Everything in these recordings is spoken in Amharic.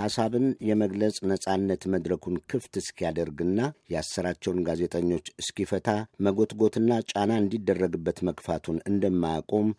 ሐሳብን የመግለጽ ነጻነት መድረኩን ክፍት እስኪያደርግና ያሰራቸውን ጋዜጠኞች እስኪፈታ መጎትጎትና ጫና እንዲደረግበት መግፋቱን እንደማያቆም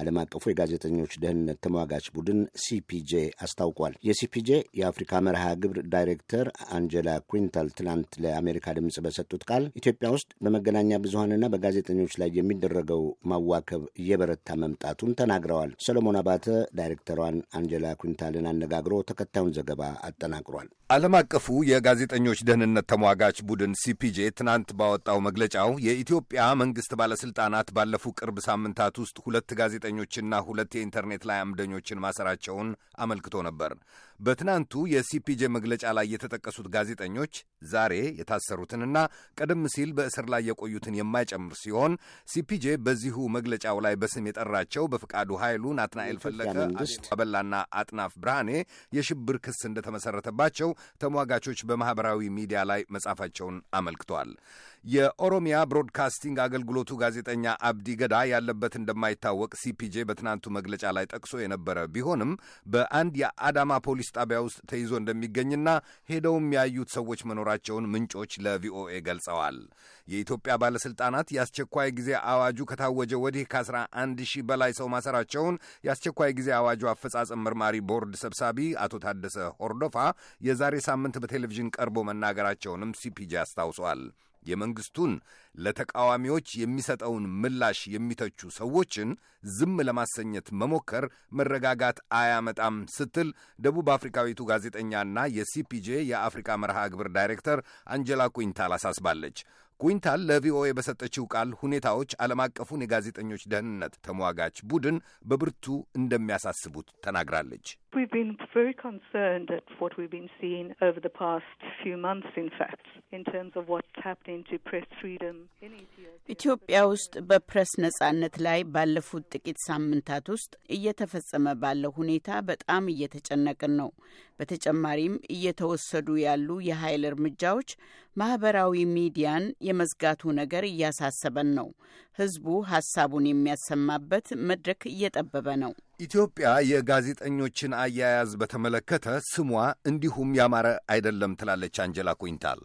ዓለም አቀፉ የጋዜጠኞች ደህንነት ተሟጋች ቡድን ሲፒጄ አስታውቋል። የሲፒጄ የአፍሪካ መርሃ ግብር ዳይሬክተር አንጀላ ኩንታል ትናንት ለአሜሪካ ድምፅ በሰጡት ቃል ኢትዮጵያ ውስጥ በመገናኛ ብዙሀንና በጋዜጠኞች ላይ የሚደረገው ማዋከብ እየበረታ መምጣቱን ተናግረዋል። ሰሎሞን አባተ ዳይሬክተሯን አንጀላ ኩንታልን አነጋግሮ ተከታዩን ዘገባ አጠናቅሯል። ዓለም አቀፉ የጋዜጠኞች ደህንነት ተሟጋች ቡድን ሲፒጄ ትናንት ባወጣው መግለጫው የኢትዮጵያ መንግሥት ባለሥልጣናት ባለፉ ቅርብ ሳምንታት ውስጥ ሁለት ጋዜጠኞችና ሁለት የኢንተርኔት ላይ አምደኞችን ማሰራቸውን አመልክቶ ነበር። በትናንቱ የሲፒጄ መግለጫ ላይ የተጠቀሱት ጋዜጠኞች ዛሬ የታሰሩትንና ቀደም ሲል በእስር ላይ የቆዩትን የማይጨምር ሲሆን ሲፒጄ በዚሁ መግለጫው ላይ በስም የጠራቸው በፍቃዱ ኃይሉ፣ ናትናኤል ፈለቀ፣ አበላና አጥናፍ ብርሃኔ የሽብር ክስ እንደተመሰረተባቸው ተሟጋቾች በማኅበራዊ ሚዲያ ላይ መጻፋቸውን አመልክቷል። የኦሮሚያ ብሮድካስቲንግ አገልግሎቱ ጋዜጠኛ አብዲ ገዳ ያለበት እንደማይታወቅ ሲፒጄ በትናንቱ መግለጫ ላይ ጠቅሶ የነበረ ቢሆንም በአንድ የአዳማ ፖሊስ ጣቢያ ውስጥ ተይዞ እንደሚገኝና ሄደውም ያዩት ሰዎች መኖራቸውን ምንጮች ለቪኦኤ ገልጸዋል። የኢትዮጵያ ባለሥልጣናት የአስቸኳይ ጊዜ አዋጁ ከታወጀ ወዲህ ከ11 ሺህ በላይ ሰው ማሰራቸውን የአስቸኳይ ጊዜ አዋጁ አፈጻጸም መርማሪ ቦርድ ሰብሳቢ አቶ ታደሰ ሆርዶፋ የዛ የዛሬ ሳምንት በቴሌቪዥን ቀርቦ መናገራቸውንም ሲፒጂ አስታውሷል። የመንግስቱን ለተቃዋሚዎች የሚሰጠውን ምላሽ የሚተቹ ሰዎችን ዝም ለማሰኘት መሞከር መረጋጋት አያመጣም ስትል ደቡብ አፍሪካዊቱ ጋዜጠኛና የሲፒጄ የአፍሪካ መርሃ ግብር ዳይሬክተር አንጀላ ኩኝታል አሳስባለች። ኩኝታል ለቪኦኤ በሰጠችው ቃል ሁኔታዎች ዓለም አቀፉን የጋዜጠኞች ደህንነት ተሟጋች ቡድን በብርቱ እንደሚያሳስቡት ተናግራለች። We've been very concerned at what we've been seeing over the past few months, in fact, in terms of what's happening to press freedom in Ethiopia. ኢትዮጵያ ውስጥ በፕሬስ ነጻነት ላይ ባለፉት ጥቂት ሳምንታት ውስጥ እየተፈጸመ ባለው ሁኔታ በጣም እየተጨነቅን ነው። በተጨማሪም እየተወሰዱ ያሉ የኃይል እርምጃዎች ማህበራዊ ሚዲያን የመዝጋቱ ነገር እያሳሰበን ነው። ህዝቡ ሀሳቡን የሚያሰማበት መድረክ እየጠበበ ነው። ኢትዮጵያ የጋዜጠኞችን አያያዝ በተመለከተ ስሟ እንዲሁም ያማረ አይደለም ትላለች አንጀላ ኩኝታል።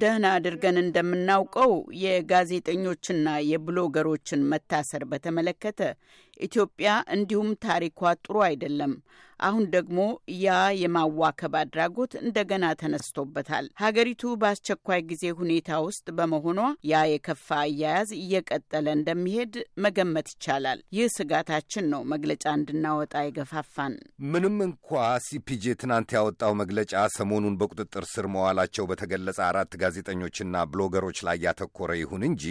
ደህና አድርገን እንደምናውቀው የጋዜጠኞችና የብሎገሮችን መታሰር በተመለከተ ኢትዮጵያ እንዲሁም ታሪኳ ጥሩ አይደለም። አሁን ደግሞ ያ የማዋከብ አድራጎት እንደገና ተነስቶበታል። ሀገሪቱ በአስቸኳይ ጊዜ ሁኔታ ውስጥ በመሆኗ ያ የከፋ አያያዝ እየቀጠለ እንደሚሄድ መገመት ይቻላል። ይህ ስጋታችን ነው መግለጫ እንድናወጣ የገፋፋን። ምንም እንኳ ሲፒጄ ትናንት ያወጣው መግለጫ ሰሞኑን በቁጥጥር ስር መዋላቸው በተገለጸ አራት ጋዜጠኞችና ብሎገሮች ላይ ያተኮረ ይሁን እንጂ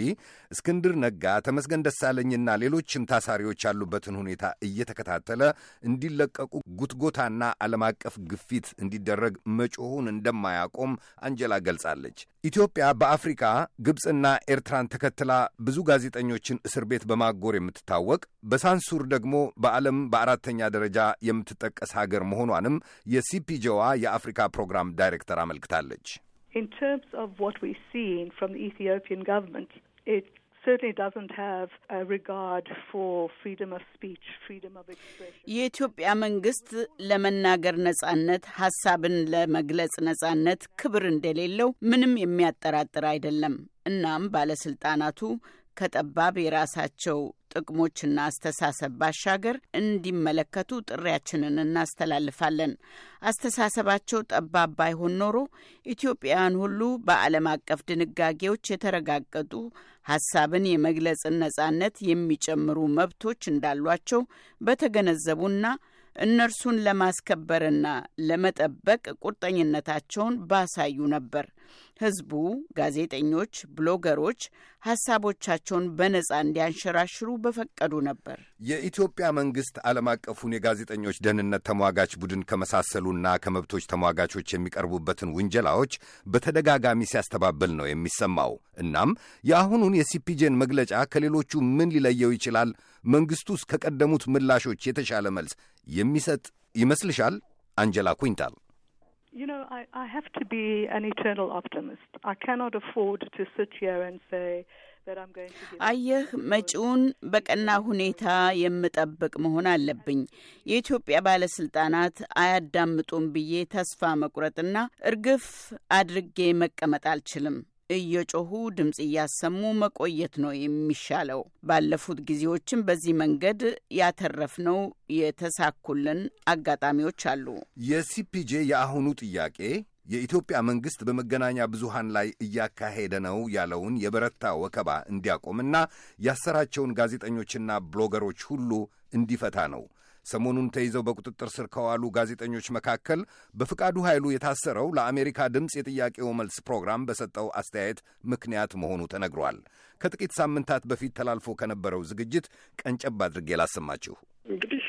እስክንድር ነጋ፣ ተመስገን ደሳለኝና ሌሎችም ታሳሪዎች ያሉበትን ሁኔታ እየተከታተለ እንዲለቀቁ ጉትጎታና ዓለም አቀፍ ግፊት እንዲደረግ መጮሁን እንደማያቆም አንጀላ ገልጻለች። ኢትዮጵያ በአፍሪካ ግብፅና ኤርትራን ተከትላ ብዙ ጋዜጠኞችን እስር ቤት በማጎር የምትታወቅ በሳንሱር ደግሞ በዓለም በአራተኛ ደረጃ የምትጠቀስ ሀገር መሆኗንም የሲፒጄዋ የአፍሪካ ፕሮግራም ዳይሬክተር አመልክታለች። የኢትዮጵያ መንግስት ለመናገር ነጻነት፣ ሀሳብን ለመግለጽ ነጻነት ክብር እንደሌለው ምንም የሚያጠራጥር አይደለም። እናም ባለስልጣናቱ ከጠባብ የራሳቸው ጥቅሞችና አስተሳሰብ ባሻገር እንዲመለከቱ ጥሪያችንን እናስተላልፋለን። አስተሳሰባቸው ጠባብ ባይሆን ኖሮ ኢትዮጵያውያን ሁሉ በዓለም አቀፍ ድንጋጌዎች የተረጋገጡ ሀሳብን የመግለጽን ነጻነት የሚጨምሩ መብቶች እንዳሏቸው በተገነዘቡና እነርሱን ለማስከበርና ለመጠበቅ ቁርጠኝነታቸውን ባሳዩ ነበር። ህዝቡ፣ ጋዜጠኞች፣ ብሎገሮች ሀሳቦቻቸውን በነጻ እንዲያንሸራሽሩ በፈቀዱ ነበር። የኢትዮጵያ መንግስት ዓለም አቀፉን የጋዜጠኞች ደህንነት ተሟጋች ቡድን ከመሳሰሉና ከመብቶች ተሟጋቾች የሚቀርቡበትን ውንጀላዎች በተደጋጋሚ ሲያስተባብል ነው የሚሰማው። እናም የአሁኑን የሲፒጄን መግለጫ ከሌሎቹ ምን ሊለየው ይችላል? መንግስቱስ ከቀደሙት ምላሾች የተሻለ መልስ የሚሰጥ ይመስልሻል? አንጀላ ኩኝታል You know, I, I have to be an eternal optimist. I cannot afford to sit here and say that I'm going to. አየህ መጪውን በቀና ሁኔታ የምጠብቅ መሆን አለብኝ። የኢትዮጵያ ባለስልጣናት አያዳምጡም ብዬ ተስፋ መቁረጥና እርግፍ አድርጌ መቀመጥ አልችልም። እየጮሁ ድምፅ እያሰሙ መቆየት ነው የሚሻለው። ባለፉት ጊዜዎችም በዚህ መንገድ ያተረፍነው የተሳኩልን አጋጣሚዎች አሉ። የሲፒጄ የአሁኑ ጥያቄ የኢትዮጵያ መንግስት በመገናኛ ብዙሃን ላይ እያካሄደ ነው ያለውን የበረታ ወከባ እንዲያቆምና ያሰራቸውን ጋዜጠኞችና ብሎገሮች ሁሉ እንዲፈታ ነው። ሰሞኑን ተይዘው በቁጥጥር ስር ከዋሉ ጋዜጠኞች መካከል በፍቃዱ ኃይሉ የታሰረው ለአሜሪካ ድምፅ የጥያቄው መልስ ፕሮግራም በሰጠው አስተያየት ምክንያት መሆኑ ተነግሯል። ከጥቂት ሳምንታት በፊት ተላልፎ ከነበረው ዝግጅት ቀንጨብ አድርጌ ላሰማችሁ። እንግዲህ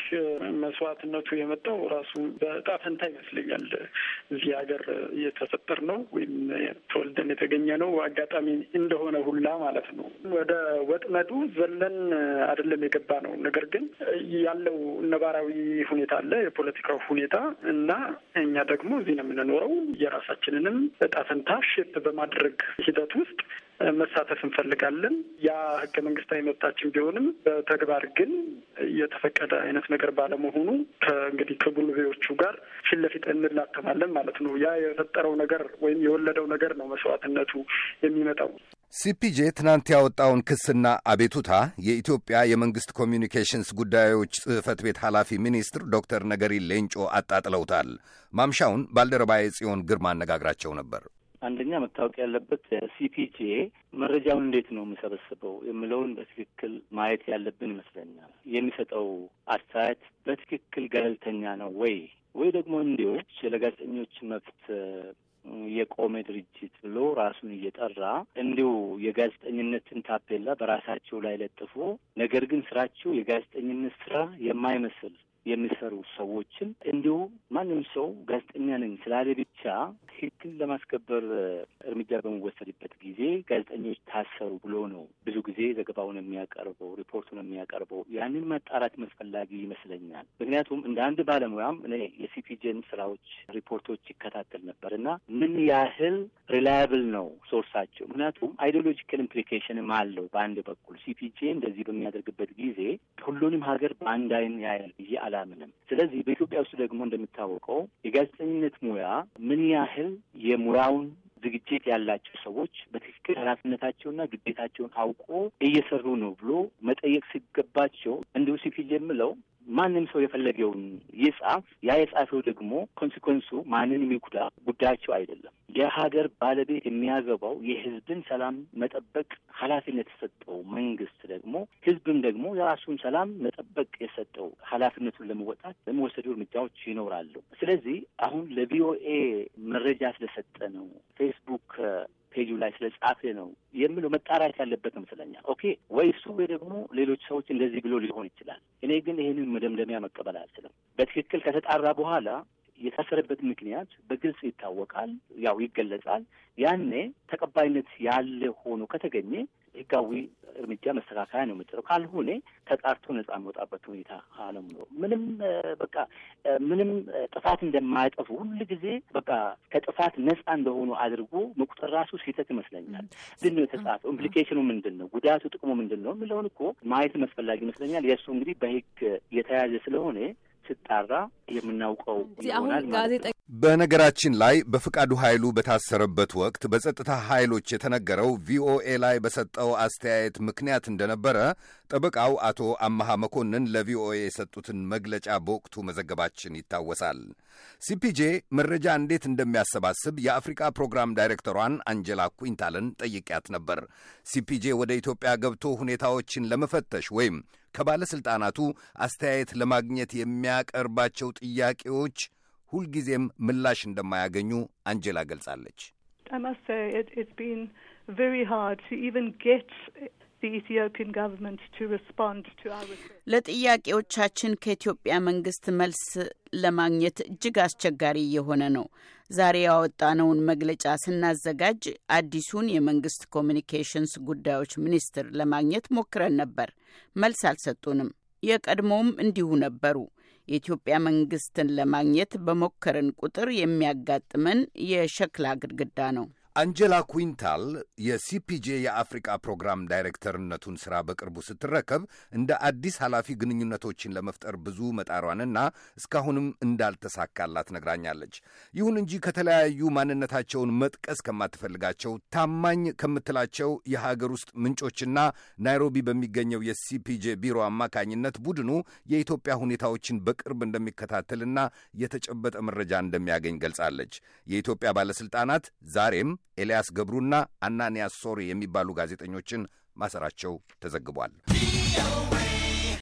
መስዋዕትነቱ የመጣው ራሱ በእጣ ፈንታ ይመስለኛል። እዚህ ሀገር እየተፈጠር ነው ወይም ተወልደን የተገኘ ነው አጋጣሚ እንደሆነ ሁላ ማለት ነው። ወደ ወጥመዱ ዘለን አይደለም የገባ ነው። ነገር ግን ያለው ነባራዊ ሁኔታ አለ፣ የፖለቲካው ሁኔታ እና እኛ ደግሞ እዚህ ነው የምንኖረው። የራሳችንንም እጣ ፈንታ ሼፕ በማድረግ ሂደት ውስጥ መሳተፍ እንፈልጋለን። ያ ህገ መንግስታዊ መብታችን ቢሆንም በተግባር ግን የተፈቀደ አይነት ነገር ባለመሆኑ ከእንግዲህ ከጉልቤዎቹ ጋር ፊት ለፊት እንላተማለን ማለት ነው። ያ የፈጠረው ነገር ወይም የወለደው ነገር ነው መስዋዕትነቱ የሚመጣው። ሲፒጄ ትናንት ያወጣውን ክስና አቤቱታ የኢትዮጵያ የመንግስት ኮሚኒኬሽንስ ጉዳዮች ጽህፈት ቤት ኃላፊ ሚኒስትር ዶክተር ነገሪ ሌንጮ አጣጥለውታል። ማምሻውን ባልደረባዬ ጽዮን ግርማ አነጋግራቸው ነበር። አንደኛ መታወቅ ያለበት ሲፒጄ መረጃውን እንዴት ነው የምሰበስበው የምለውን በትክክል ማየት ያለብን ይመስለኛል። የሚሰጠው አስተያየት በትክክል ገለልተኛ ነው ወይ ወይ ደግሞ እንዲዎች ለጋዜጠኞች መብት የቆመ ድርጅት ብሎ ራሱን እየጠራ እንዲሁ የጋዜጠኝነትን ታፔላ በራሳቸው ላይ ለጥፎ ነገር ግን ስራቸው የጋዜጠኝነት ስራ የማይመስል የሚሰሩ ሰዎችን እንዲሁ ማንም ሰው ጋዜጠኛ ነኝ ስላለ ብቻ ህግን ለማስከበር እርምጃ በሚወሰድበት ጊዜ ጋዜጠኞች ታሰሩ ብሎ ነው ብዙ ጊዜ ዘገባውን የሚያቀርበው ሪፖርቱን የሚያቀርበው። ያንን መጣራት መስፈላጊ ይመስለኛል። ምክንያቱም እንደ አንድ ባለሙያም እኔ የሲፒጄን ስራዎች ሪፖርቶች ይከታተል ነበር እና ምን ያህል ሪላያብል ነው ሶርሳቸው። ምክንያቱም አይዲዮሎጂካል ኢምፕሊኬሽንም አለው በአንድ በኩል ሲፒጄ እንደዚህ በሚያደርግበት ጊዜ ሁሉንም ሀገር በአንድ አይን ያያል ብዬ አላ አላምንም። ስለዚህ በኢትዮጵያ ውስጥ ደግሞ እንደሚታወቀው የጋዜጠኝነት ሙያ ምን ያህል የሙያውን ዝግጅት ያላቸው ሰዎች በትክክል ኃላፊነታቸውና ግዴታቸውን አውቆ እየሰሩ ነው ብሎ መጠየቅ ሲገባቸው እንዲሁ ሲፊል የምለው ማንም ሰው የፈለገውን ይጻፍ። ያ የጻፈው ደግሞ ኮንሲኮንሱ ማንን የሚጉዳ ጉዳያቸው አይደለም። የሀገር ባለቤት የሚያገባው የህዝብን ሰላም መጠበቅ ኃላፊነት የሰጠው መንግስት ደግሞ ህዝብም ደግሞ የራሱን ሰላም መጠበቅ የሰጠው ኃላፊነቱን ለመወጣት ለመወሰዱ እርምጃዎች ይኖራሉ። ስለዚህ አሁን ለቪኦኤ መረጃ ስለሰጠ ነው ፌስቡክ ፔጁ ላይ ስለጻፈ ነው የምለው መጣራት ያለበት ይመስለኛል። ኦኬ ወይ እሱ ወይ ደግሞ ሌሎች ሰዎች እንደዚህ ብሎ ሊሆን ይችላል። እኔ ግን ይህንን መደምደሚያ መቀበል አልችልም። በትክክል ከተጣራ በኋላ የታሰረበት ምክንያት በግልጽ ይታወቃል፣ ያው ይገለጻል። ያኔ ተቀባይነት ያለ ሆኖ ከተገኘ ህጋዊ እርምጃ መስተካከያ ነው የምጥለው። ካልሆነ ተጣርቶ ነጻ የሚወጣበት ሁኔታ አለም ነው ምንም በቃ ምንም ጥፋት እንደማያጠፉ ሁል ጊዜ በቃ ከጥፋት ነጻ እንደሆኑ አድርጎ መቁጠር ራሱ ስህተት ይመስለኛል። ምንድን ነው የተጻፈው? ኢምፕሊኬሽኑ ምንድን ነው? ጉዳቱ ጥቅሙ ምንድን ነው? የሚለውን እኮ ማየትም አስፈላጊ ይመስለኛል። የእሱ እንግዲህ በህግ የተያዘ ስለሆነ ስጣራ የምናውቀው ይሆናል ማለት ነው። በነገራችን ላይ በፍቃዱ ኃይሉ በታሰረበት ወቅት በጸጥታ ኃይሎች የተነገረው ቪኦኤ ላይ በሰጠው አስተያየት ምክንያት እንደነበረ ጠበቃው አቶ አመሃ መኮንን ለቪኦኤ የሰጡትን መግለጫ በወቅቱ መዘገባችን ይታወሳል። ሲፒጄ መረጃ እንዴት እንደሚያሰባስብ የአፍሪካ ፕሮግራም ዳይሬክተሯን አንጀላ ኩንታልን ጠይቂያት ነበር። ሲፒጄ ወደ ኢትዮጵያ ገብቶ ሁኔታዎችን ለመፈተሽ ወይም ከባለሥልጣናቱ አስተያየት ለማግኘት የሚያቀርባቸው ጥያቄዎች ሁልጊዜም ምላሽ እንደማያገኙ አንጀላ ገልጻለች። ለጥያቄዎቻችን ከኢትዮጵያ መንግስት መልስ ለማግኘት እጅግ አስቸጋሪ እየሆነ ነው። ዛሬ ያወጣነውን መግለጫ ስናዘጋጅ አዲሱን የመንግስት ኮሚኒኬሽንስ ጉዳዮች ሚኒስትር ለማግኘት ሞክረን ነበር። መልስ አልሰጡንም። የቀድሞውም እንዲሁ ነበሩ። የኢትዮጵያ መንግስትን ለማግኘት በሞከርን ቁጥር የሚያጋጥመን የሸክላ ግድግዳ ነው። አንጀላ ኩዊንታል የሲፒጄ የአፍሪቃ ፕሮግራም ዳይሬክተርነቱን ሥራ በቅርቡ ስትረከብ እንደ አዲስ ኃላፊ ግንኙነቶችን ለመፍጠር ብዙ መጣሯንና እስካሁንም እንዳልተሳካላት ነግራኛለች። ይሁን እንጂ ከተለያዩ ማንነታቸውን መጥቀስ ከማትፈልጋቸው ታማኝ ከምትላቸው የሀገር ውስጥ ምንጮችና ናይሮቢ በሚገኘው የሲፒጄ ቢሮ አማካኝነት ቡድኑ የኢትዮጵያ ሁኔታዎችን በቅርብ እንደሚከታተልና የተጨበጠ መረጃ እንደሚያገኝ ገልጻለች። የኢትዮጵያ ባለሥልጣናት ዛሬም ኤልያስ ገብሩና አናንያስ ሶሪ የሚባሉ ጋዜጠኞችን ማሰራቸው ተዘግቧል።